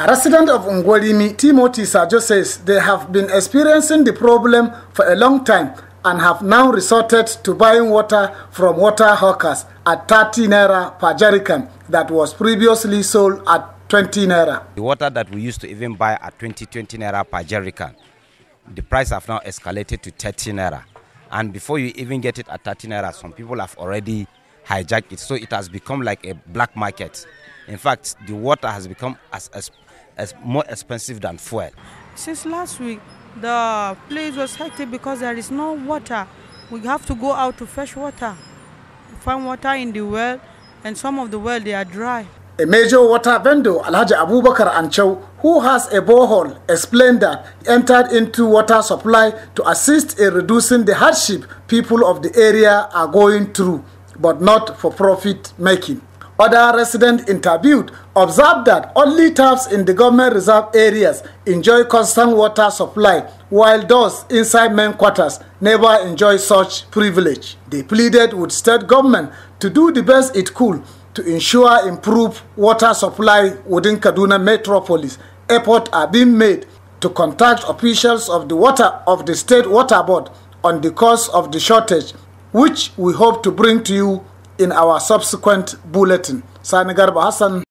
A resident of Ungwalimi, Timothy Sajo says they have been experiencing the problem for a long time and have now resorted to buying water from water hawkers at 30 naira per jerrycan that was previously sold at 20 naira. The water that we used to even buy at 20, 20 naira per jerrycan, the price have now escalated to 30 naira. And before you even get it at 30 naira, some people have already hijacked it. So it has become like a black market. In fact, the water has become as, as more expensive than fuel. Since last week, the place was hectic because there is no water. We have to go out to fetch water, find water in the well, and some of the well they are dry. A major water vendor, Alhaji Abubakar Ancho, who has a borehole, explained that he entered into water supply to assist in reducing the hardship people of the area are going through, but not for profit making. Other residents interviewed observed that only taps in the government reserve areas enjoy constant water supply, while those inside main quarters never enjoy such privilege. They pleaded with state government to do the best it could to ensure improved water supply within Kaduna metropolis. Efforts are being made to contact officials of the water of the state water board on the cause of the shortage, which we hope to bring to you in our subsequent bulletin. Sani Garba Hassan.